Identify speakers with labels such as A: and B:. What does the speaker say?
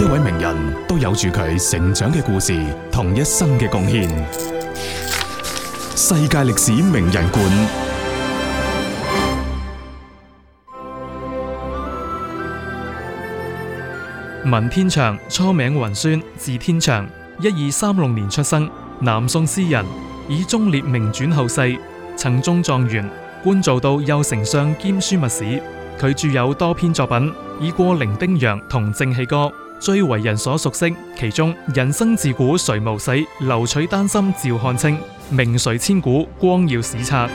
A: 一位名人都有住佢成長嘅故事，同一生嘅貢獻。世界歷史名人館
B: 文天祥，初名雲孫，字天祥，一二三六年出生，南宋詩人，以忠烈名傳後世。曾中狀元，官做到右丞相兼樞密使。佢著有多篇作品，以《過零丁洋》同《正氣歌》。最為人所熟悉，其中人生自古誰無死，留取丹心照汗青，名垂千古，光耀史冊。